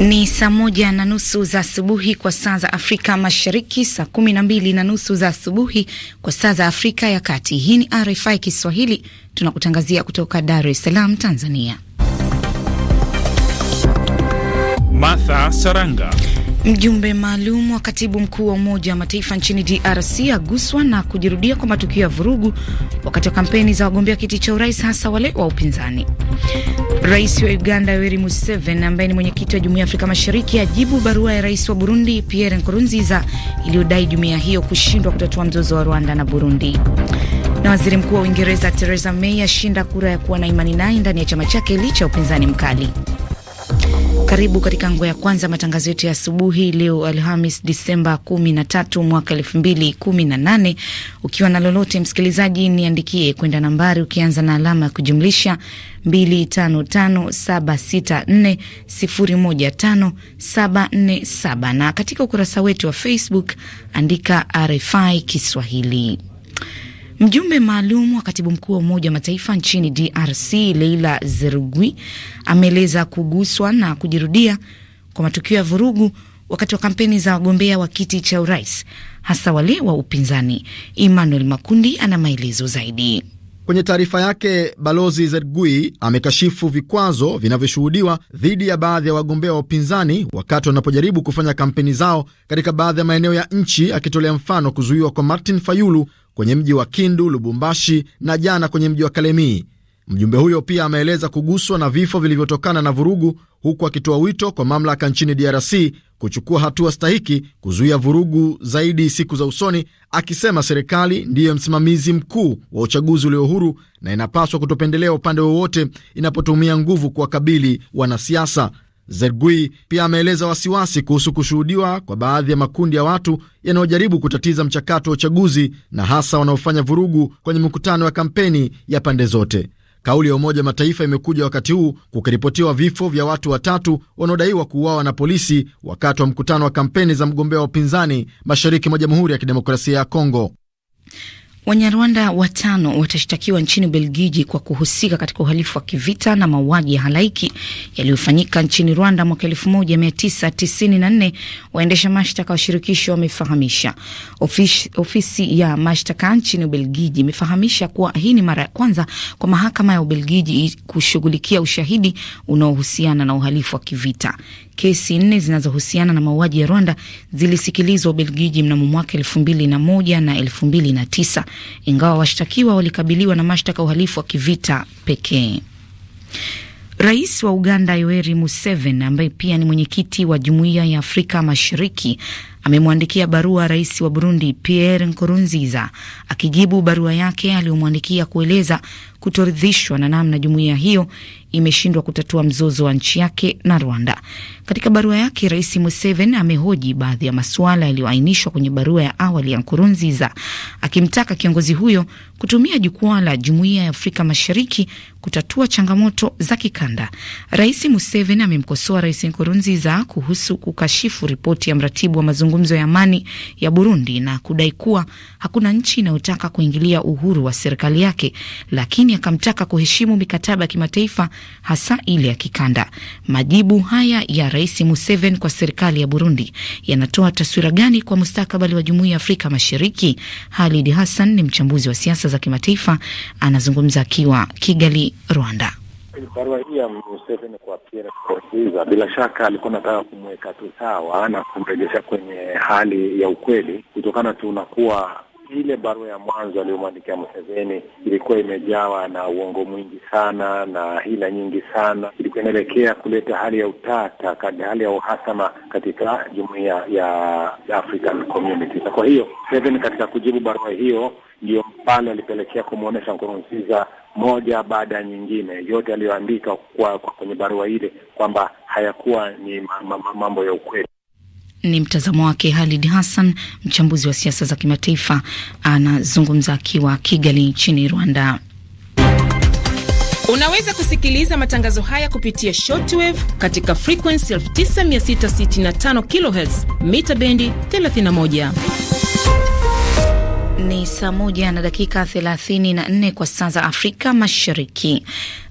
Ni saa moja na nusu za asubuhi kwa saa za Afrika Mashariki, saa kumi na mbili na nusu za asubuhi kwa saa za Afrika ya Kati. Hii ni RFI Kiswahili, tunakutangazia kutoka Dar es Salaam, Tanzania. Martha Saranga. Mjumbe maalum wa katibu mkuu wa Umoja wa Mataifa nchini DRC aguswa na kujirudia kwa matukio ya vurugu wakati wa kampeni za wagombea kiti cha urais hasa wale wa upinzani. Rais wa Uganda Yoweri Museveni ambaye ni mwenyekiti wa Jumuiya ya Afrika Mashariki ajibu barua ya rais wa Burundi Pierre Nkurunziza iliyodai jumuiya hiyo kushindwa kutatua mzozo wa Rwanda na Burundi. Na waziri mkuu wa Uingereza Theresa May ashinda kura ya kuwa na imani naye ndani ya chama chake licha ya upinzani mkali. Karibu katika nguo ya kwanza matangazo yetu ya asubuhi leo Alhamis Disemba 13 mwaka 218 Ukiwa na lolote msikilizaji, niandikie kwenda nambari ukianza na alama ya kujumlisha 255764015747 na katika ukurasa wetu wa Facebook andika RFI Kiswahili. Mjumbe maalum wa katibu mkuu wa Umoja wa Mataifa nchini DRC Leila Zerugui ameeleza kuguswa na kujirudia kwa matukio ya vurugu wakati wa kampeni za wagombea wa kiti cha urais hasa wale wa upinzani. Emmanuel Makundi ana maelezo zaidi. Kwenye taarifa yake, Balozi Zergui amekashifu vikwazo vinavyoshuhudiwa dhidi ya baadhi ya wagombea wa upinzani wakati wanapojaribu kufanya kampeni zao katika baadhi ya maeneo ya nchi, akitolea mfano kuzuiwa kwa Martin Fayulu kwenye mji wa Kindu, Lubumbashi na jana kwenye mji wa Kalemie. Mjumbe huyo pia ameeleza kuguswa na vifo vilivyotokana na vurugu, huku akitoa wito kwa mamlaka nchini DRC kuchukua hatua stahiki kuzuia vurugu zaidi siku za usoni, akisema serikali ndiyo msimamizi mkuu wa uchaguzi ulio huru na inapaswa kutopendelea upande wowote inapotumia nguvu kuwakabili wanasiasa. Zergui pia ameeleza wasiwasi kuhusu kushuhudiwa kwa baadhi ya makundi ya watu yanayojaribu kutatiza mchakato wa uchaguzi na hasa wanaofanya vurugu kwenye mikutano ya kampeni ya pande zote. Kauli ya Umoja Mataifa imekuja wakati huu kukiripotiwa vifo vya watu watatu wanaodaiwa kuuawa na polisi wakati wa mkutano wa kampeni za mgombea wa upinzani mashariki mwa Jamhuri ya Kidemokrasia ya Kongo. Wanyarwanda watano watashtakiwa nchini Ubelgiji kwa kuhusika katika uhalifu wa kivita na mauaji ya halaiki yaliyofanyika nchini Rwanda mwaka 1994, waendesha mashtaka wa shirikisho wamefahamisha. Ofisi, ofisi ya mashtaka nchini Ubelgiji imefahamisha kuwa hii ni mara ya kwanza kwa mahakama ya Ubelgiji kushughulikia ushahidi unaohusiana na uhalifu wa kivita. Kesi nne zinazohusiana na mauaji ya Rwanda zilisikilizwa Ubelgiji mnamo mwaka 2001 na moja na na tisa ingawa washtakiwa walikabiliwa na mashtaka uhalifu wa kivita pekee. Rais wa Uganda Yoweri Museveni ambaye pia ni mwenyekiti wa Jumuiya ya Afrika Mashariki amemwandikia barua rais wa Burundi Pierre Nkurunziza akijibu barua yake aliyomwandikia kueleza kutoridhishwa na namna jumuiya hiyo imeshindwa kutatua mzozo wa nchi yake na Rwanda. Katika barua yake, Rais Museveni amehoji baadhi ya masuala yaliyoainishwa kwenye barua ya awali ya Nkurunziza, akimtaka kiongozi huyo kutumia jukwaa la Jumuiya ya Afrika Mashariki kutatua changamoto za kikanda. Rais Museveni amemkosoa Rais Nkurunziza kuhusu kukashifu ripoti ya mratibu wa mazungumzo mazungumzo ya amani ya Burundi na kudai kuwa hakuna nchi inayotaka kuingilia uhuru wa serikali yake, lakini akamtaka kuheshimu mikataba ya kimataifa hasa ile ya kikanda. Majibu haya ya Rais Museveni kwa serikali ya Burundi yanatoa taswira gani kwa mustakabali wa Jumuiya ya Afrika Mashariki? Halid Hassan ni mchambuzi wa siasa za kimataifa, anazungumza akiwa Kigali, Rwanda barua hii ya Museveni kwa Pierre Nkurunziza bila shaka alikuwa anataka kumweka tu sawa na kumrejesha kwenye hali ya ukweli, kutokana tu na kuwa ile barua ya mwanzo aliyomwandikia Museveni ilikuwa imejawa na uongo mwingi sana na hila nyingi sana. Ilikuwa inaelekea kuleta hali ya utata, hali ya uhasama katika jumuiya ya African Community. Kwa hiyo Museveni katika kujibu barua hiyo ndiyo pale alipelekea kumwonyesha Nkurunziza moja baada ya nyingine, yote aliyoandika kwa, kwa kwenye barua ile kwamba hayakuwa ni mambo ya ukweli. Ni mtazamo wake Halid Hassan, mchambuzi wa siasa za kimataifa, anazungumza akiwa Kigali nchini Rwanda. Unaweza kusikiliza matangazo haya kupitia shortwave katika frequency 9665 kHz mita bendi 31. Ni saa moja na dakika 34 kwa saa za Afrika Mashariki.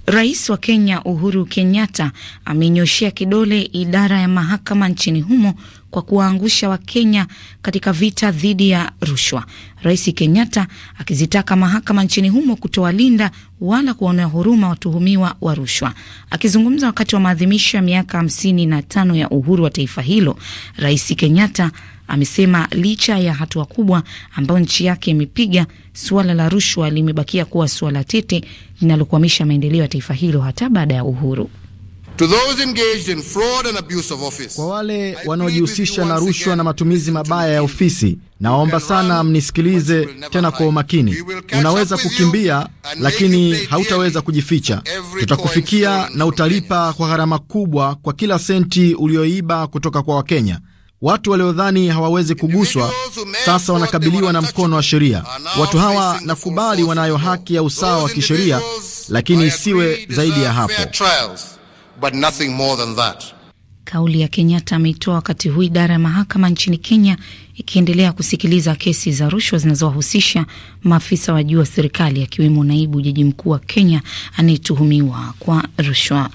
Rais wa Kenya Uhuru Kenyatta amenyoshea kidole idara ya mahakama nchini humo kwa kuwaangusha Wakenya katika vita dhidi ya rushwa. Rais Kenyatta akizitaka mahakama nchini humo kutowalinda wala kuwaonea huruma watuhumiwa wa rushwa. Akizungumza wakati wa maadhimisho ya miaka hamsini na tano ya uhuru wa taifa hilo, Rais Kenyatta amesema licha ya hatua kubwa ambayo nchi yake imepiga, suala la rushwa limebakia kuwa suala tete linalokwamisha maendeleo ya taifa hilo hata baada ya uhuru. To those engaged in fraud and abuse of office. Kwa wale wanaojihusisha na rushwa na matumizi mabaya ya ofisi, nawaomba sana mnisikilize tena kwa umakini. Unaweza kukimbia, lakini hautaweza kujificha. Tutakufikia na utalipa kwa gharama kubwa kwa kila senti ulioiba kutoka kwa Wakenya. Watu waliodhani hawawezi kuguswa sasa wanakabiliwa na mkono wa sheria. Watu hawa nakubali wanayo haki ya usawa wa kisheria, lakini isiwe zaidi ya hapo but nothing more than that. Kauli ya Kenyatta ameitoa wakati huu idara ya mahakama nchini Kenya ikiendelea kusikiliza kesi za rushwa zinazowahusisha maafisa wa juu wa serikali akiwemo naibu jaji mkuu wa Kenya anayetuhumiwa kwa rushwa.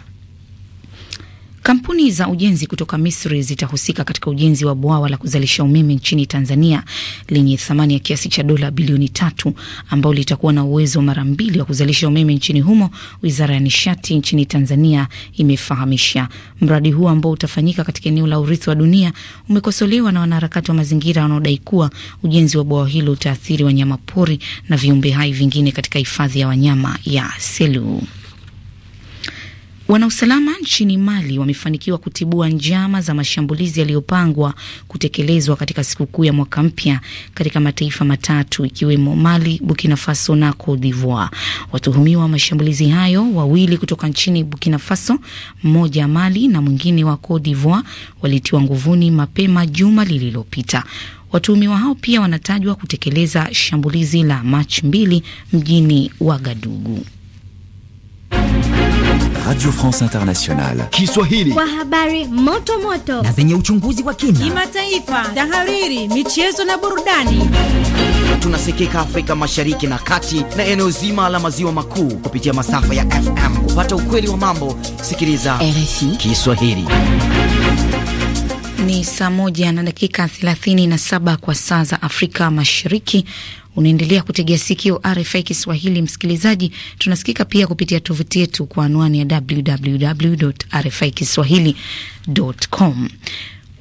Kampuni za ujenzi kutoka Misri zitahusika katika ujenzi wa bwawa la kuzalisha umeme nchini Tanzania lenye thamani ya kiasi cha dola bilioni tatu ambao litakuwa na uwezo mara mbili wa kuzalisha umeme nchini humo, wizara ya nishati nchini Tanzania imefahamisha. Mradi huo ambao utafanyika katika eneo la urithi wa dunia umekosolewa na wanaharakati wa mazingira wanaodai kuwa ujenzi wa bwawa hilo utaathiri wanyamapori na viumbe hai vingine katika hifadhi ya wanyama ya Selous. Wanausalama nchini Mali wamefanikiwa kutibua njama za mashambulizi yaliyopangwa kutekelezwa katika sikukuu ya mwaka mpya katika mataifa matatu ikiwemo Mali, Burkina Faso na Cote d'Ivoire. Watuhumiwa wa mashambulizi hayo, wawili kutoka nchini Burkina Faso, mmoja Mali na mwingine wa Cote d'Ivoire, walitiwa nguvuni mapema juma lililopita. Watuhumiwa hao pia wanatajwa kutekeleza shambulizi la Machi mbili mjini Wagadugu. Radio France Internationale Kiswahili kwa habari moto moto na zenye uchunguzi wa kina, kimataifa, tahariri, michezo na burudani. Tunasikika Afrika Mashariki na Kati na eneo zima la maziwa makuu kupitia masafa ya FM. Kupata ukweli wa mambo, sikiliza RFI Kiswahili. Ni saa moja na dakika 37 kwa saa za Afrika Mashariki Unaendelea kutegea sikio RFI Kiswahili. Msikilizaji, tunasikika pia kupitia tovuti yetu kwa anwani ya www.rfikiswahili.com.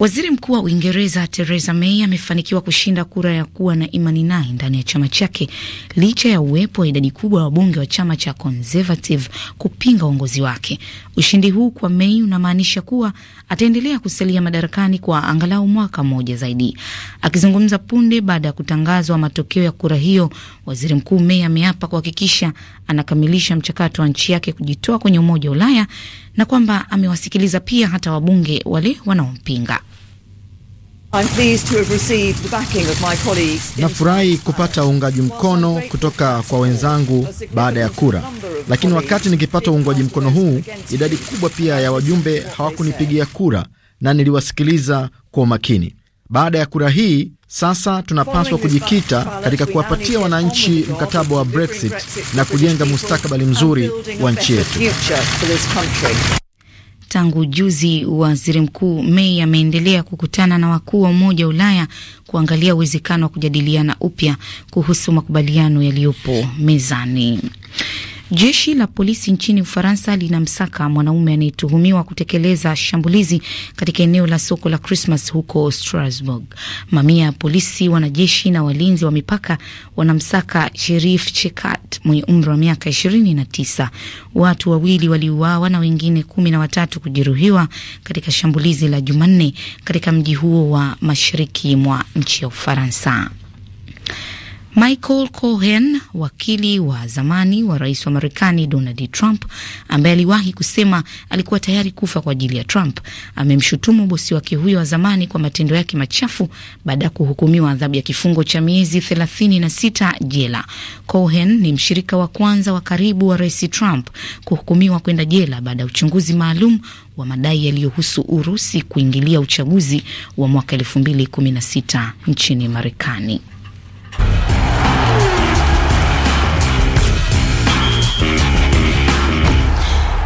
Waziri Mkuu wa Uingereza Theresa May amefanikiwa kushinda kura ya kuwa na imani naye ndani ya chama chake licha ya uwepo wa idadi kubwa ya wabunge wa chama cha Conservative kupinga uongozi wake. Ushindi huu kwa May unamaanisha kuwa ataendelea kusalia madarakani kwa angalau mwaka mmoja zaidi. Akizungumza punde baada ya kutangazwa matokeo ya kura hiyo, waziri mkuu May ameapa kuhakikisha anakamilisha mchakato wa nchi yake kujitoa kwenye Umoja wa Ulaya na kwamba amewasikiliza pia hata wabunge wale wanaompinga. Nafurahi kupata uungaji mkono kutoka kwa wenzangu baada ya kura, lakini wakati nikipata uungwaji mkono huu, idadi kubwa pia ya wajumbe hawakunipigia kura na niliwasikiliza kwa umakini. Baada ya kura hii, sasa tunapaswa kujikita katika kuwapatia wananchi mkataba wa Brexit na kujenga mustakabali mzuri wa nchi yetu. Tangu juzi, waziri mkuu Mei ameendelea kukutana na wakuu wa Umoja wa Ulaya kuangalia uwezekano wa kujadiliana upya kuhusu makubaliano yaliyopo mezani. Jeshi la polisi nchini Ufaransa linamsaka mwanaume anayetuhumiwa kutekeleza shambulizi katika eneo la soko la Christmas huko Strasbourg. Mamia ya polisi, wanajeshi na walinzi wa mipaka wanamsaka Sherif Chekat mwenye umri wa miaka 29. Watu wawili waliuawa na wengine kumi na watatu kujeruhiwa katika shambulizi la Jumanne katika mji huo wa mashariki mwa nchi ya Ufaransa. Michael Cohen, wakili wa zamani wa rais wa Marekani Donald Trump, ambaye aliwahi kusema alikuwa tayari kufa kwa ajili ya Trump, amemshutumu bosi wake huyo wa zamani kwa matendo yake machafu baada ya kuhukumiwa adhabu ya kifungo cha miezi 36 jela. Cohen ni mshirika wa kwanza wa karibu wa rais Trump kuhukumiwa kwenda jela baada ya uchunguzi maalum wa madai yaliyohusu Urusi kuingilia uchaguzi wa mwaka 2016 nchini Marekani.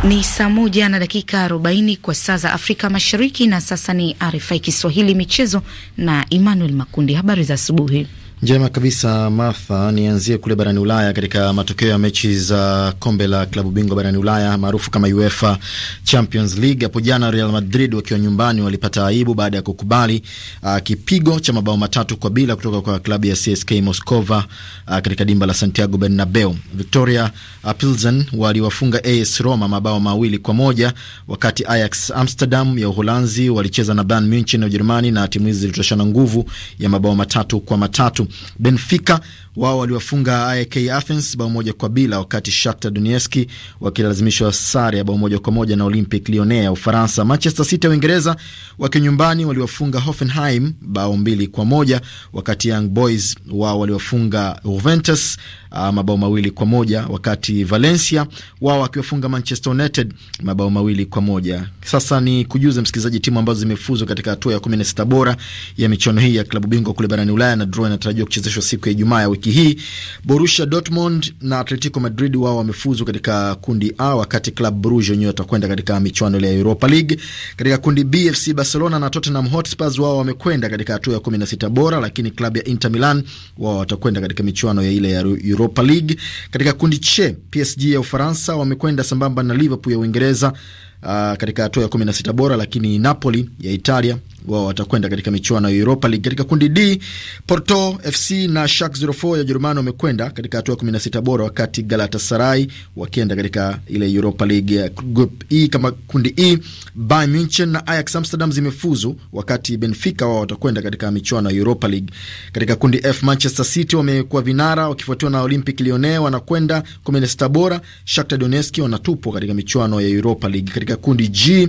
Ni saa moja na dakika arobaini kwa saa za Afrika Mashariki, na sasa ni RFI Kiswahili michezo na Emmanuel Makundi. Habari za asubuhi. Njema kabisa Martha, nianzie kule barani Ulaya katika matokeo ya mechi za kombe la klabu bingwa barani Ulaya maarufu kama UEFA Champions League. Hapo jana Real Madrid wakiwa nyumbani walipata aibu baada ya kukubali uh, kipigo cha mabao matatu kwa bila kutoka kwa klabu ya CSK Moscova uh, katika dimba la Santiago Bernabeu. Victoria uh, Pilsen waliwafunga AS Roma mabao mawili kwa moja wakati Ajax Amsterdam ya Uholanzi walicheza na Bayern Munich ya Ujerumani, na timu hizi zilitoshana nguvu ya mabao matatu kwa matatu. Benfica wao waliwafunga IK Athens bao moja kwa bila, wakati Shakhtar Donetsk wakilazimishwa sare ya bao moja kwa moja na Olympic Lyonnais ya Ufaransa. Manchester City ya Uingereza wakiwa nyumbani waliwafunga Hoffenheim bao mbili kwa moja, wakati Young Boys wao waliwafunga Juventus ah, mabao mawili kwa moja, wakati Valencia wao wakiwafunga Manchester United mabao mawili kwa moja. Sasa ni kujuza msikilizaji timu ambazo zimefuzu katika hatua ya 16 bora ya michuano hii ya klabu bingwa kule barani Ulaya, na draw inatarajiwa kuchezeshwa siku ya Ijumaa ya wiki wiki hii. Borussia Dortmund na Atletico Madrid wao wamefuzu katika kundi A, wakati Club Brugge wenyewe watakwenda katika michuano ya Europa League. Katika kundi B, FC Barcelona na Tottenham Hotspurs wao wamekwenda katika hatua ya 16 bora, lakini klabu ya Inter Milan wao watakwenda katika michuano ya ile ya Europa League. Katika kundi C, PSG ya Ufaransa wamekwenda sambamba na Liverpool ya Uingereza, uh, katika hatua ya 16 bora, lakini Napoli ya Italia wao watakwenda katika michuano ya Europa League. Katika kundi D, Porto FC na Shak 04 ya Jerumani wamekwenda katika hatua ya 16 bora, wakati Galatasaray wakienda katika ile Europa League ya Group E. Kama kundi E, Bayern Munich na Ajax Amsterdam zimefuzu, wakati Benfica wao watakwenda katika michuano ya Europa League. Katika kundi F, Manchester City wamekuwa vinara wakifuatiwa na Olympic Lyonnais wanakwenda 16 bora. Shakhtar Donetsk wanatupwa katika michuano ya Europa League. Katika kundi G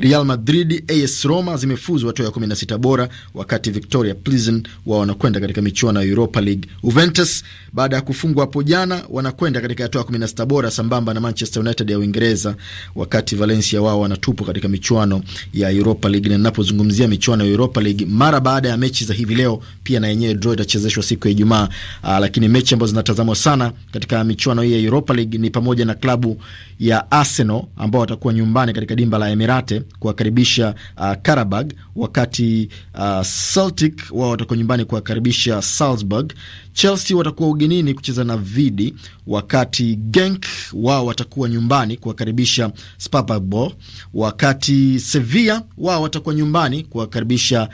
Real Madrid, AS Roma zimefuzu hatua ya 16 bora, wakati Victoria Plzen wao wanakwenda katika michuano ya Europa League. Juventus baada ya kufungwa hapo jana wanakwenda katika hatua ya 16 bora sambamba na Manchester United ya Uingereza, wakati Valencia wao wanatupwa katika michuano ya Europa League. Na ninapozungumzia michuano ya Europa League mara baada ya mechi za hivi leo, pia na yenyewe draw itachezeshwa siku ya Ijumaa, Uh, lakini mechi ambazo zinatazamwa sana katika michuano hii ya Europa League ni pamoja na klabu ya Arsenal ambao watakuwa nyumbani katika dimba la Emirate kuwakaribisha uh, Karabag, wakati uh, Celtic wao watakuwa nyumbani kuwakaribisha Salzburg. Chelsea watakuwa ugenini kucheza na Vidi, wakati Genk wao watakuwa nyumbani kuwakaribisha Spapabo, wakati Sevilla wao watakuwa nyumbani kuwakaribisha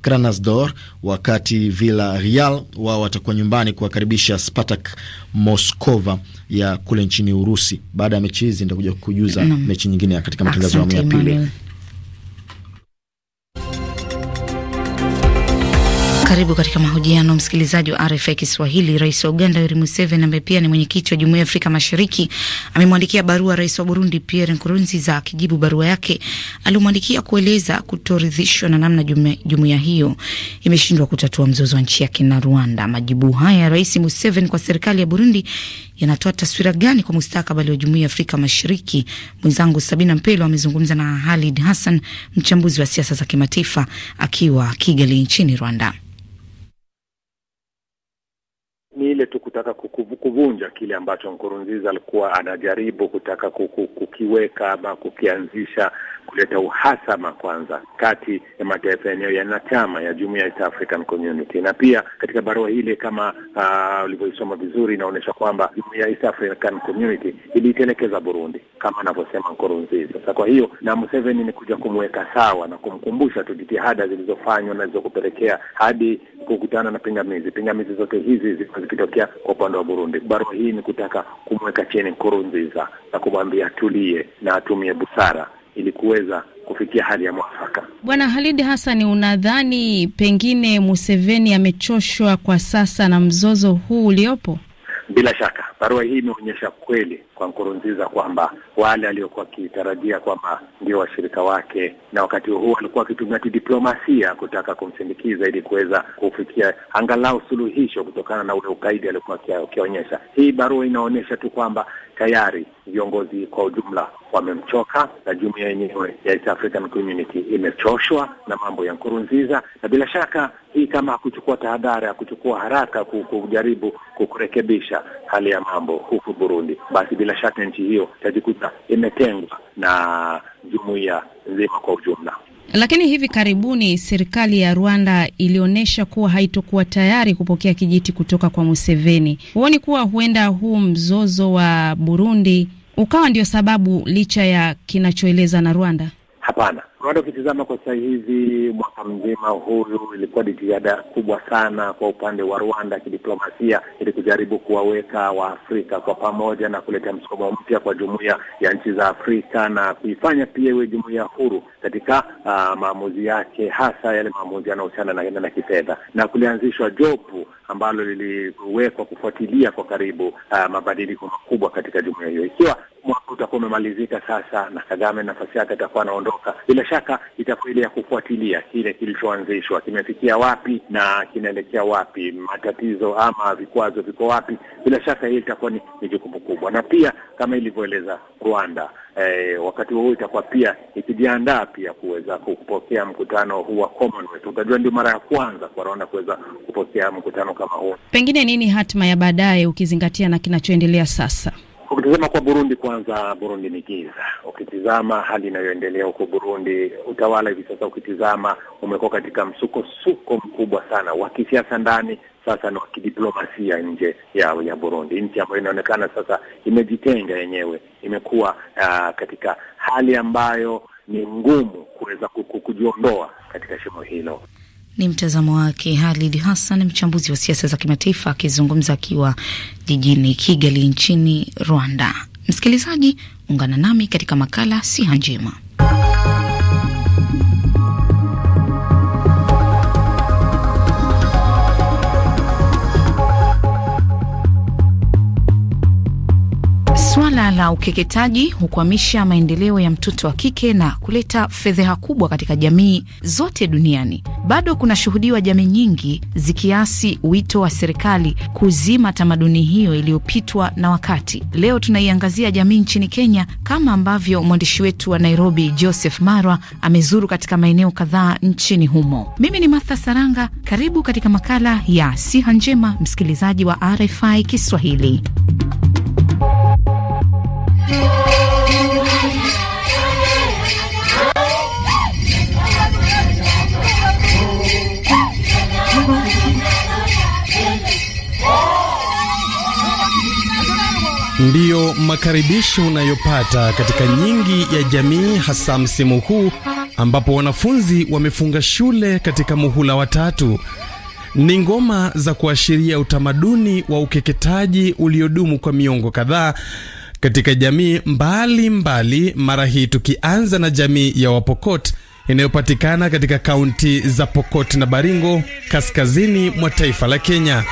Krasnodar, wakati Villarreal wao watakuwa nyumbani kuwakaribisha Spartak Moskova ya kule nchini Urusi. Baada ya mechi hizi nitakuja kujuza mechi nyingine katika matangazo ya awamu ya pili. Karibu katika mahojiano msikilizaji wa RFI Kiswahili. Rais wa Uganda Yoweri Museveni, ambaye pia ni mwenyekiti wa Jumuiya ya Afrika Mashariki, amemwandikia barua rais wa Burundi Pierre Nkurunziza. Akijibu barua yake aliyomwandikia kueleza kutoridhishwa na namna jumuiya hiyo imeshindwa kutatua mzozo wa nchi yake na Rwanda. Majibu haya ya Rais Museveni kwa serikali ya Burundi yanatoa taswira gani kwa mustakabali wa Jumuiya ya Afrika Mashariki? Mwenzangu Sabina Mpelo amezungumza na Halid Hassan, mchambuzi wa siasa za kimataifa, akiwa Kigali nchini Rwanda. me vile tu kutaka kuvunja kile ambacho Nkurunziza alikuwa anajaribu kutaka kukiweka ama kukianzisha, kuleta uhasama kwanza kati ya mataifa yenyewe chama ya jumuiya ya East African Community. Na pia katika barua ile, kama ah, ulivyoisoma vizuri, inaonyesha kwamba jumuiya ya East African Community iliitelekeza Burundi kama anavyosema Nkurunziza. Sasa kwa hiyo na Museveni ni kuja kumweka sawa na kumkumbusha tu jitihada zilizofanywa na zilizokupelekea hadi kukutana na pingamizi. Pingamizi zote hizi zilikuwa zikitoka kutokea kwa upande wa Burundi. Barua hii ni kutaka kumweka chini Nkurunziza na kumwambia atulie na atumie busara ili kuweza kufikia hali ya mwafaka. Bwana Halid Hassan, unadhani pengine Museveni amechoshwa kwa sasa na mzozo huu uliopo? Bila shaka barua hii imeonyesha kweli kwa Nkurunziza kwamba wale aliokuwa wakitarajia kwamba ndio washirika wake, na wakati huo walikuwa wakitumia diplomasia kutaka kumsindikiza ili kuweza kufikia angalau suluhisho kutokana na ule ukaidi aliokuwa akionyesha. Hii barua inaonyesha tu kwamba tayari viongozi kwa ujumla wamemchoka na jumuiya yenyewe ya East African Community imechoshwa na mambo ya Nkurunziza, na bila shaka hii kama hakuchukua tahadhari, hakuchukua haraka kujaribu kurekebisha hali ya mambo huku Burundi, basi bila bila shaka nchi hiyo itajikuta imetengwa na jumuiya nzima kwa ujumla. Lakini hivi karibuni serikali ya Rwanda ilionyesha kuwa haitokuwa tayari kupokea kijiti kutoka kwa Museveni. Huoni kuwa huenda huu mzozo wa Burundi ukawa ndio sababu licha ya kinachoeleza na Rwanda? Hapana, Rwanda ukitizama kwa sasa hivi, mwaka mzima huyu ilikuwa ni jitihada kubwa sana kwa upande wa Rwanda kidiplomasia, ili kujaribu kuwaweka Waafrika kwa pamoja na kuleta msukumo mpya kwa jumuiya ya nchi za Afrika na kuifanya pia iwe jumuiya huru katika uh, maamuzi yake, hasa yale maamuzi yanayohusiana na, na kifedha, na kulianzishwa jopu ambalo liliwekwa kufuatilia kwa karibu uh, mabadiliko makubwa katika jumuiya hiyo, ikiwa mwaka utakuwa umemalizika sasa, na Kagame nafasi yake atakuwa anaondoka, bila shaka itakuwa ile ya kufuatilia kile kilichoanzishwa kimefikia wapi na kinaelekea wapi, matatizo ama vikwazo viko wapi. Bila shaka hii itakuwa ni jukumu kubwa, na pia kama ilivyoeleza Rwanda eh, wakati huo itakuwa pia ikijiandaa pia kuweza kupokea mkutano huu wa Commonwealth. Utajua ndio mara ya kwanza kwa Rwanda kuweza kupokea mkutano kama huu. Pengine nini hatima ya baadaye ukizingatia na kinachoendelea sasa? Ukitizama kwa Burundi kwanza, Burundi ni giza. Ukitizama hali inayoendelea huko Burundi, utawala hivi sasa, ukitizama umekuwa katika msukosuko mkubwa sana wa kisiasa ndani sasa na kidiplomasia nje ya ya Burundi, nchi ambayo inaonekana sasa imejitenga yenyewe, imekuwa uh, katika hali ambayo ni ngumu kuweza kujiondoa katika shimo hilo. Ni mtazamo wake Halid Hassan, mchambuzi wa siasa za kimataifa, akizungumza akiwa jijini Kigali nchini Rwanda. Msikilizaji, ungana nami katika makala Siha Njema. la ukeketaji hukwamisha maendeleo ya mtoto wa kike na kuleta fedheha kubwa katika jamii zote duniani. Bado kunashuhudiwa jamii nyingi zikiasi wito wa serikali kuzima tamaduni hiyo iliyopitwa na wakati. Leo tunaiangazia jamii nchini Kenya, kama ambavyo mwandishi wetu wa Nairobi Joseph Marwa amezuru katika maeneo kadhaa nchini humo. Mimi ni Martha Saranga, karibu katika makala ya Siha Njema, msikilizaji wa RFI Kiswahili. Ndiyo makaribisho unayopata katika nyingi ya jamii, hasa msimu huu ambapo wanafunzi wamefunga shule katika muhula wa tatu. Ni ngoma za kuashiria utamaduni wa ukeketaji uliodumu kwa miongo kadhaa katika jamii mbali mbali, mara hii tukianza na jamii ya Wapokot inayopatikana katika kaunti za Pokot na Baringo kaskazini mwa taifa la Kenya.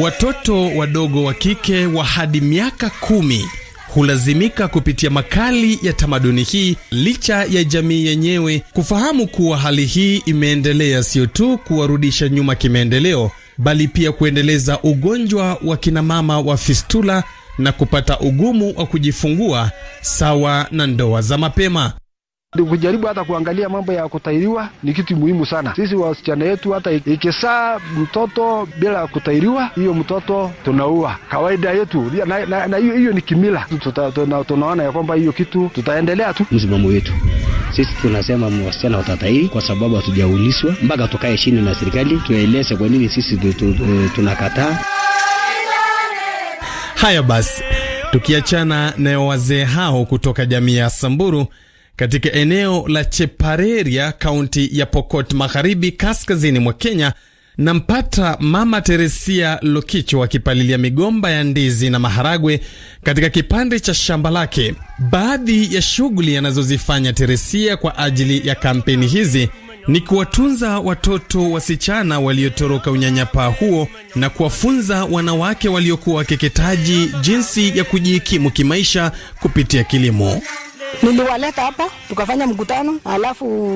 Watoto wadogo wa kike wa hadi miaka kumi hulazimika kupitia makali ya tamaduni hii licha ya jamii yenyewe kufahamu kuwa hali hii imeendelea sio tu kuwarudisha nyuma kimaendeleo bali pia kuendeleza ugonjwa wa kinamama wa fistula na kupata ugumu wa kujifungua sawa na ndoa za mapema. Kujaribu hata kuangalia mambo ya kutairiwa ni kitu muhimu sana. Sisi wasichana yetu, hata ikisaa mtoto bila kutairiwa, hiyo mtoto tunaua kawaida yetu, na hiyo ni kimila. Tunaona ya kwamba hiyo kitu tutaendelea tu msimamo wetu sisi tunasema wasichana watatahiri kwa sababu hatujauliswa mpaka tukae chini na serikali tueleze kwa nini sisi tunakataa. Haya basi, tukiachana na wazee hao kutoka jamii ya Samburu katika eneo la Chepareria, kaunti ya Pokot Magharibi, kaskazini mwa Kenya. Nampata Mama Teresia Lokicho akipalilia migomba ya ndizi na maharagwe katika kipande cha shamba lake. Baadhi ya shughuli anazozifanya Teresia kwa ajili ya kampeni hizi ni kuwatunza watoto wasichana waliotoroka unyanyapaa huo na kuwafunza wanawake waliokuwa wakeketaji jinsi ya kujikimu kimaisha kupitia kilimo. Niliwaleta hapa tukafanya mkutano, alafu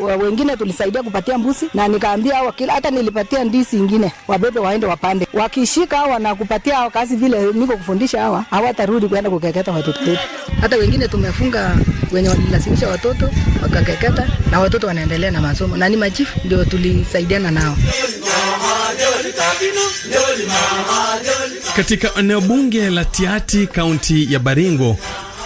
wengine tulisaidia kupatia mbuzi, na nikaambia hao kila hata nilipatia ndizi ingine wabebe waende wapande, wakishika wanakupatia hao kazi. Vile niko kufundisha hawa hawatarudi kwenda kukeketa watoto wetu. Hata wengine tumefunga wenye walilazimisha watoto wakakeketa, na watoto wanaendelea na masomo, na ni machifu ndio tulisaidiana nao. Katika eneo bunge la tiati kaunti ya Baringo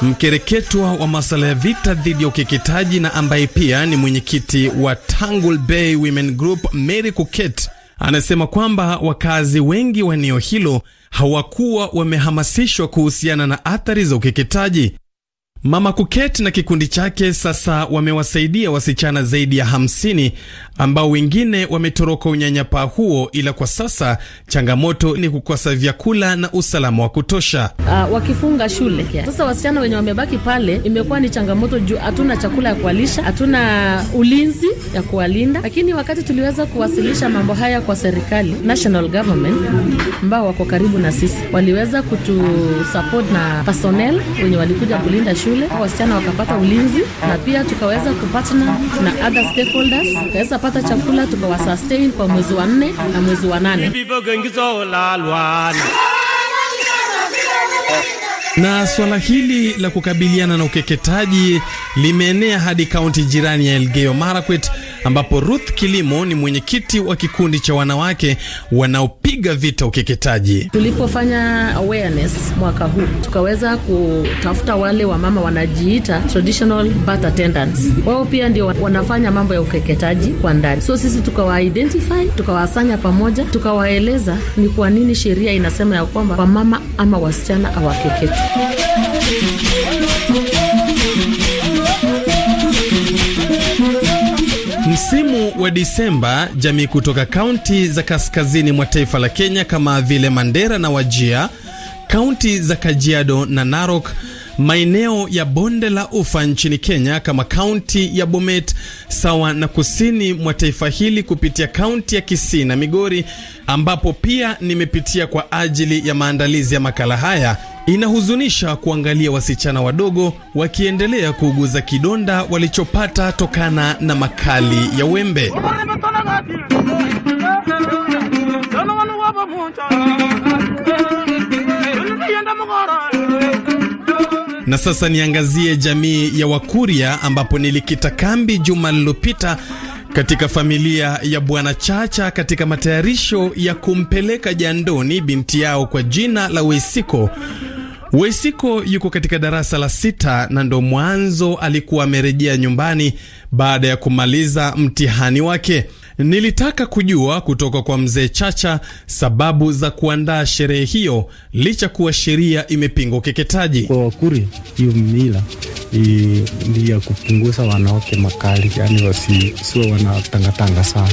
mkereketwa wa masuala ya vita dhidi ya ukeketaji na ambaye pia ni mwenyekiti wa Tangul Bay Women Group, Mary Kuket anasema kwamba wakazi wengi wa eneo hilo hawakuwa wamehamasishwa kuhusiana na athari za ukeketaji. Mama Kuketi na kikundi chake sasa wamewasaidia wasichana zaidi ya hamsini ambao wengine wametoroka unyanyapaa huo, ila kwa sasa changamoto ni kukosa vyakula na usalama wa kutosha. Uh, wakifunga shule sasa, wasichana wenye wamebaki pale imekuwa ni changamoto juu hatuna chakula ya kuwalisha, hatuna ulinzi ya kuwalinda. Lakini wakati tuliweza kuwasilisha mambo haya kwa serikali, national government ambao wako karibu na sisi, waliweza kutusupport na personnel wenye walikuja kulinda shule shule, wasichana wakapata ulinzi na pia tukaweza kupatana na other stakeholders, tukaweza pata chakula, sustain kwa mwezi wa nne na mwezi wa nane na swala hili la kukabiliana na ukeketaji limeenea hadi kaunti jirani ya Elgeyo Marakwet ambapo Ruth Kilimo ni mwenyekiti wa kikundi cha wanawake wanaopiga vita ukeketaji. Tulipofanya awareness mwaka huu, tukaweza kutafuta wale wamama wanajiita traditional birth attendants, wao pia ndio wanafanya mambo ya ukeketaji kwa ndani, so sisi identify, tukawasanya pamoja, tukawaeleza ni kwa nini sheria inasema ya kwamba wamama ama wasichana awakeketwe. wa Disemba, jamii kutoka kaunti za kaskazini mwa taifa la Kenya kama vile Mandera na Wajia, kaunti za Kajiado na Narok, maeneo ya bonde la ufa nchini Kenya kama kaunti ya Bomet sawa na kusini mwa taifa hili kupitia kaunti ya Kisii na Migori, ambapo pia nimepitia kwa ajili ya maandalizi ya makala haya. Inahuzunisha kuangalia wasichana wadogo wakiendelea kuuguza kidonda walichopata tokana na makali ya wembe. Na sasa niangazie jamii ya Wakuria ambapo nilikita kambi juma lililopita katika familia ya Bwana Chacha katika matayarisho ya kumpeleka jandoni binti yao kwa jina la Wesiko. Wesiko yuko katika darasa la sita na ndo mwanzo alikuwa amerejea nyumbani baada ya kumaliza mtihani wake. Nilitaka kujua kutoka kwa mzee Chacha sababu za kuandaa sherehe hiyo licha kuwa sheria imepinga ukeketaji. Kwa Wakuri hiyo mila ni ya kupunguza wanawake makali, yani wasisiwa wanatangatanga sana.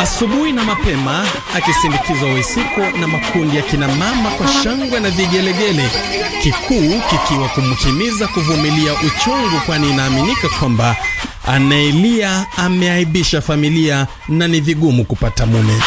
Asubuhi na mapema akisindikizwa Wesiko na makundi ya kina mama kwa shangwe na vigelegele, kikuu kikiwa kumhimiza kuvumilia uchungu, kwani inaaminika kwamba anaelia ameaibisha familia na ni vigumu kupata mume.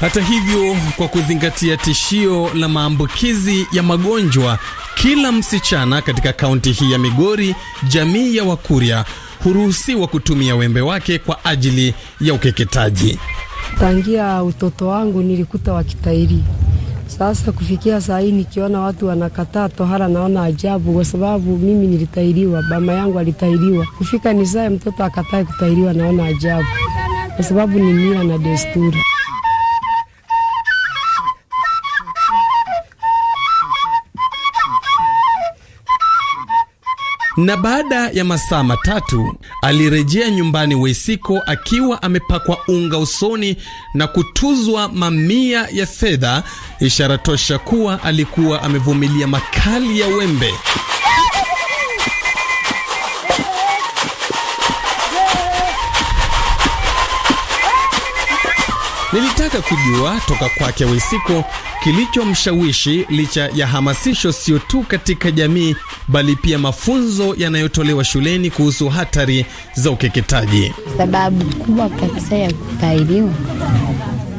Hata hivyo, kwa kuzingatia tishio la maambukizi ya magonjwa, kila msichana katika kaunti hii ya Migori, jamii ya Wakuria huruhusiwa kutumia wembe wake kwa ajili ya ukeketaji. Tangia utoto wangu nilikuta wakitairi sasa kufikia saa hii nikiona watu wanakataa tohara naona ajabu, kwa sababu mimi nilitahiriwa, mama yangu alitahiriwa. Kufika nisaye mtoto akatae kutahiriwa naona ajabu, kwa sababu ni mila na desturi. na baada ya masaa matatu alirejea nyumbani Weisiko akiwa amepakwa unga usoni na kutuzwa mamia ya fedha, ishara tosha kuwa alikuwa amevumilia makali ya wembe. Nilitaka kujua toka kwake Wisiko kilichomshawishi licha ya hamasisho sio tu katika jamii bali pia mafunzo yanayotolewa shuleni kuhusu hatari za ukeketaji. Sababu kubwa kabisa ya kutahiriwa,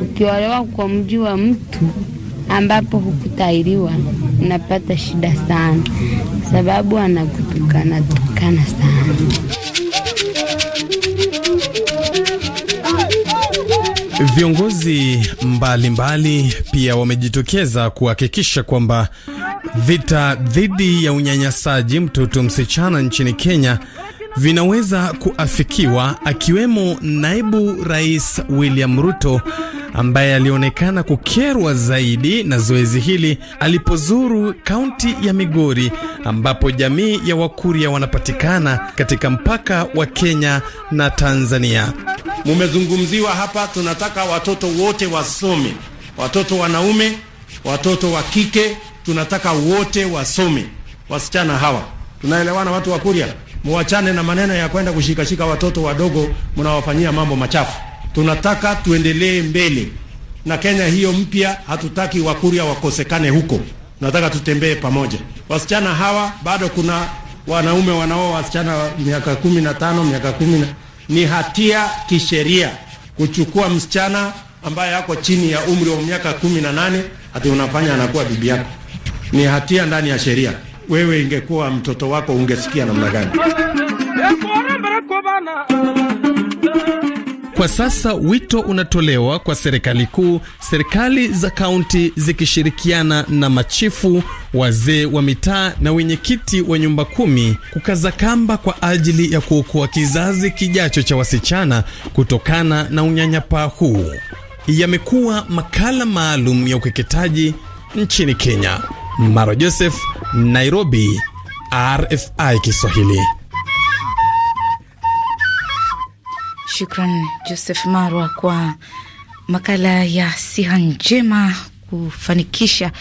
ukiolewa kwa mji wa mtu ambapo hukutahiriwa unapata shida sana, sababu anakutukana tukana sana Viongozi mbalimbali mbali pia wamejitokeza kuhakikisha kwamba vita dhidi ya unyanyasaji mtoto msichana nchini Kenya vinaweza kuafikiwa, akiwemo naibu rais William Ruto ambaye alionekana kukerwa zaidi na zoezi hili alipozuru kaunti ya Migori ambapo jamii ya Wakuria wanapatikana katika mpaka wa Kenya na Tanzania. Mumezungumziwa hapa, tunataka watoto wote wasome, watoto wanaume, watoto wa kike, tunataka wote wasome, wasichana hawa. Tunaelewana watu wa Kuria? Muwachane na maneno ya kwenda kushikashika watoto wadogo, mnawafanyia mambo machafu. Tunataka tuendelee mbele na Kenya hiyo mpya. Hatutaki Wakuria wakosekane huko, tunataka tutembee pamoja. Wasichana hawa bado, kuna wanaume wanaoa wasichana miaka kumi na tano miaka kumi na ni hatia kisheria kuchukua msichana ambaye ako chini ya umri wa miaka kumi na nane ati unafanya anakuwa bibi yako, ni hatia ndani ya sheria. Wewe ingekuwa mtoto wako ungesikia namna gani? Kwa sasa wito unatolewa kwa serikali kuu, serikali za kaunti zikishirikiana na machifu, wazee wa mitaa na wenyekiti wa nyumba kumi kukaza kamba kwa ajili ya kuokoa kizazi kijacho cha wasichana kutokana na unyanyapaa huu. Yamekuwa makala maalum ya ukeketaji nchini Kenya. mara Joseph, Nairobi, RFI Kiswahili. Shukran Joseph Marwa kwa makala ya siha njema kufanikisha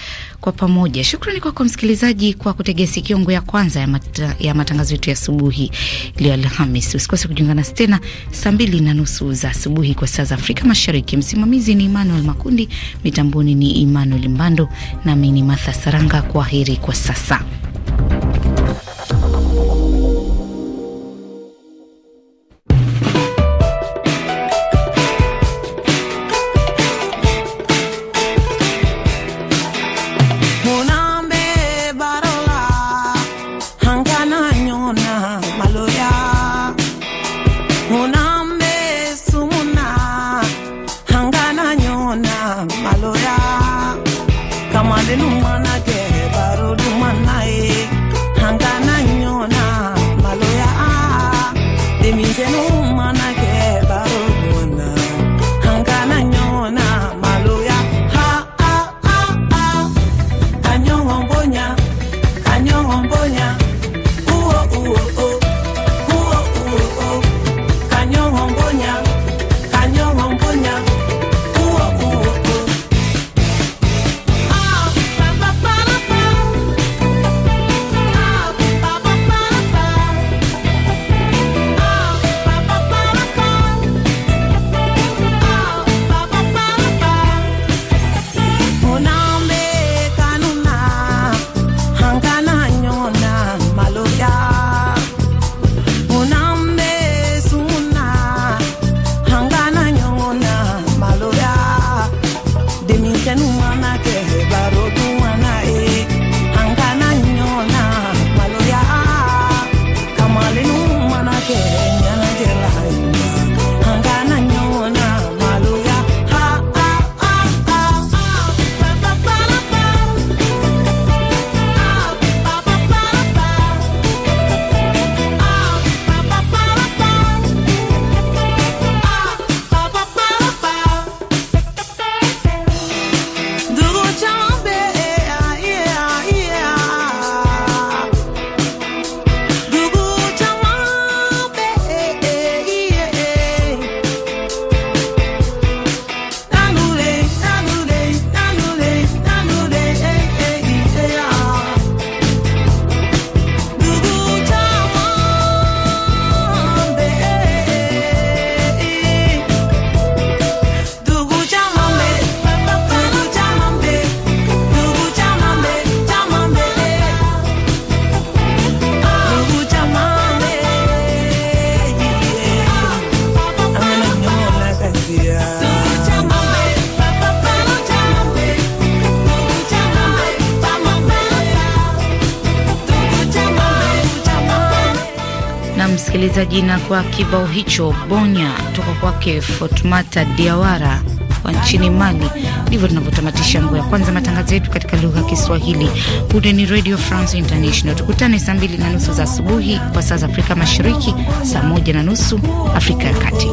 kwa pamoja. Shukrani kwako msikilizaji kwa kutegea sikio ngo ya kwanza ya, mata, ya matangazo yetu ya asubuhi leo Alhamis. Usikose kujiunga nasi tena saa mbili na nusu za asubuhi kwa saa za Afrika Mashariki. Msimamizi ni Emmanuel Makundi, mitamboni ni Emmanuel Mbando, nami ni Martha Saranga. Kwa heri kwa sasa. en un msikilizaji, na kwa kibao hicho bonya toka kwake Fotmata Diawara wa nchini Mali, ndivyo tunavyotamatisha nguo ya kwanza matangazo yetu katika lugha ya Kiswahili. Hude ni Radio France International. Tukutane saa mbili na nusu za asubuhi kwa saa za Afrika Mashariki, saa moja na nusu Afrika ya Kati.